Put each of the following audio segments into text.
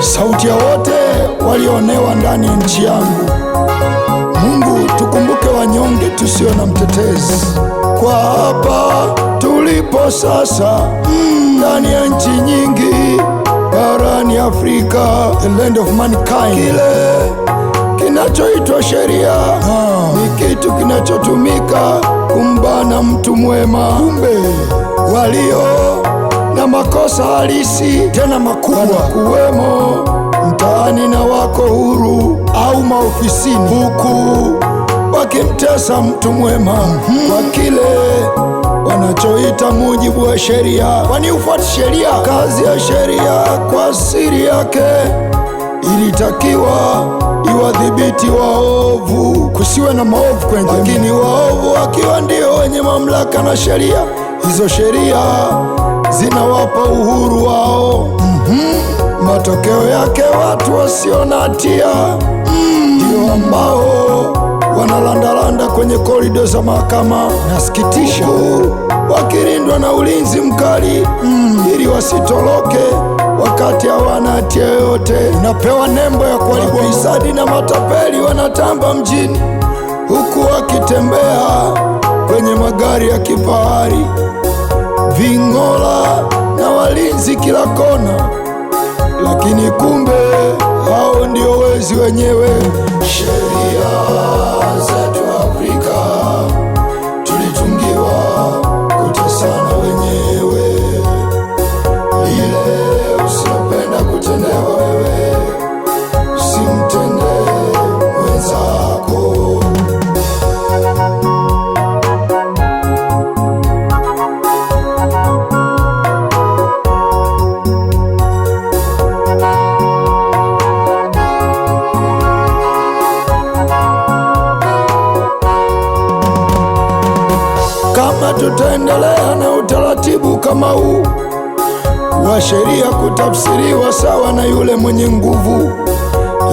Sauti ya wote walioonewa ndani ya nchi yangu. Mungu, tukumbuke wanyonge tusio na mtetezi. Kwa hapa tulipo sasa, ndani ya nchi nyingi barani Afrika, the land of mankind. Kile kinachoitwa sheria ah. ni kitu kinachotumika kumbana mtu mwema. Kumbe walio na makosa halisi tena makubwa kuwemo mtaani na wako huru au maofisini, huku wakimtesa mtu mwema hmm, kwa kile wanachoita mujibu wa sheria. Kwani ufuati sheria? Kazi ya sheria kwa siri yake ilitakiwa iwadhibiti waovu, kusiwe na maovu kwenye jamii, lakini waovu wakiwa ndio wenye mamlaka na sheria, hizo sheria zinawapa uhuru wao. mm -hmm. Matokeo yake watu wasio na hatia mhm. ndio mm -hmm. ambao kwenye korido za mahakama. Nasikitisha wakilindwa na ulinzi mkali mm, ili wasitoroke wakati hawana hatia yoyote. Unapewa nembo ya kuharibu. Ufisadi na matapeli wanatamba mjini, huku wakitembea kwenye magari ya kifahari, ving'ola na walinzi kila kona, lakini kumbe hao ndio wezi wenyewe. Sheria zetu kuendelea na utaratibu kama huu wa sheria kutafsiriwa sawa na yule mwenye nguvu,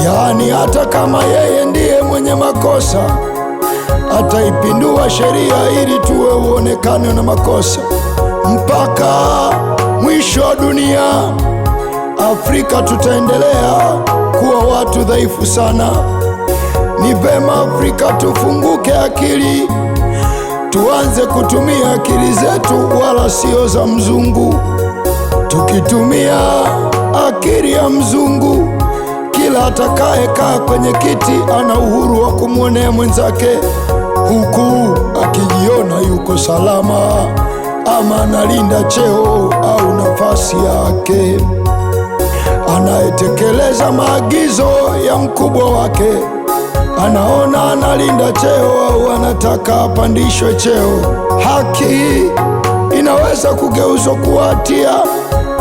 yaani hata kama yeye ndiye mwenye makosa ataipindua sheria ili tuwe uonekane na makosa mpaka mwisho wa dunia. Afrika tutaendelea kuwa watu dhaifu sana. Ni vema Afrika tufunguke akili tuanze kutumia akili zetu wala sio za mzungu. Tukitumia akili ya mzungu, kila atakayekaa kwenye kiti ana uhuru wa kumwonea mwenzake, huku akijiona yuko salama ama analinda cheo au nafasi yake. Anayetekeleza maagizo ya mkubwa wake anaona analinda cheo au anataka apandishwe cheo. Haki inaweza kugeuzwa kuwa hatia,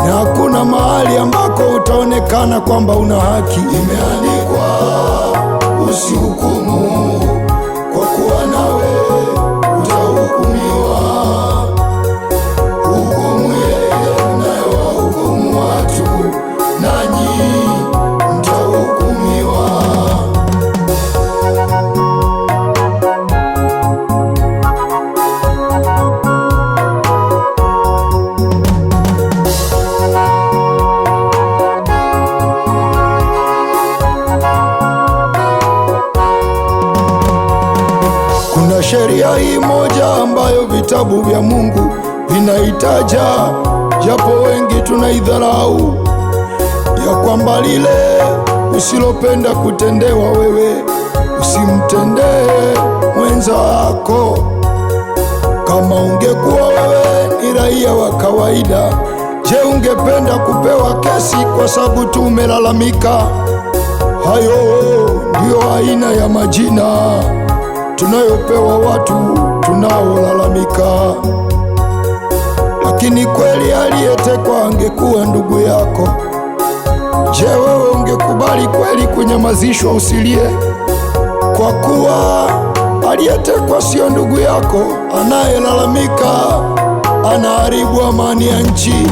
na hakuna mahali ambako utaonekana kwamba una haki. Imeandikwa usihukumu sheria hii moja ambayo vitabu vya Mungu vinaitaja, japo wengi tunaidharau, ya kwamba lile usilopenda kutendewa wewe usimtendee mwenza wako. Kama ungekuwa wewe ni raia wa kawaida, je, ungependa kupewa kesi kwa sababu tu umelalamika? Hayo ndiyo aina ya majina tunayopewa watu tunaolalamika. Lakini kweli aliyetekwa angekuwa ndugu yako? Je, wewe ungekubali kweli kunyamazishwa usilie? Kwa kuwa aliyetekwa sio ndugu yako, anayelalamika anaharibu amani ya nchi.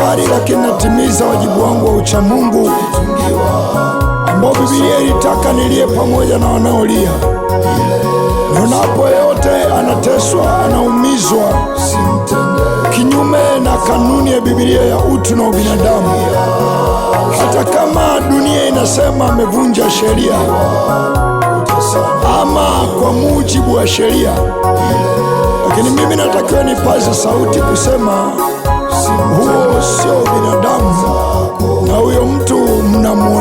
swali, lakini natimiza wajibu wangu wa uchamungu ambao Biblia ilitaka niliye pamoja na wanaolia. Nionapo yeyote anateswa, anaumizwa kinyume na kanuni ya Biblia ya utu na ubinadamu, hata kama dunia inasema amevunja sheria ama kwa mujibu wa sheria, lakini mimi natakiwa nipaze sauti kusema huo sio binadamu, na huyo mtu mnamwona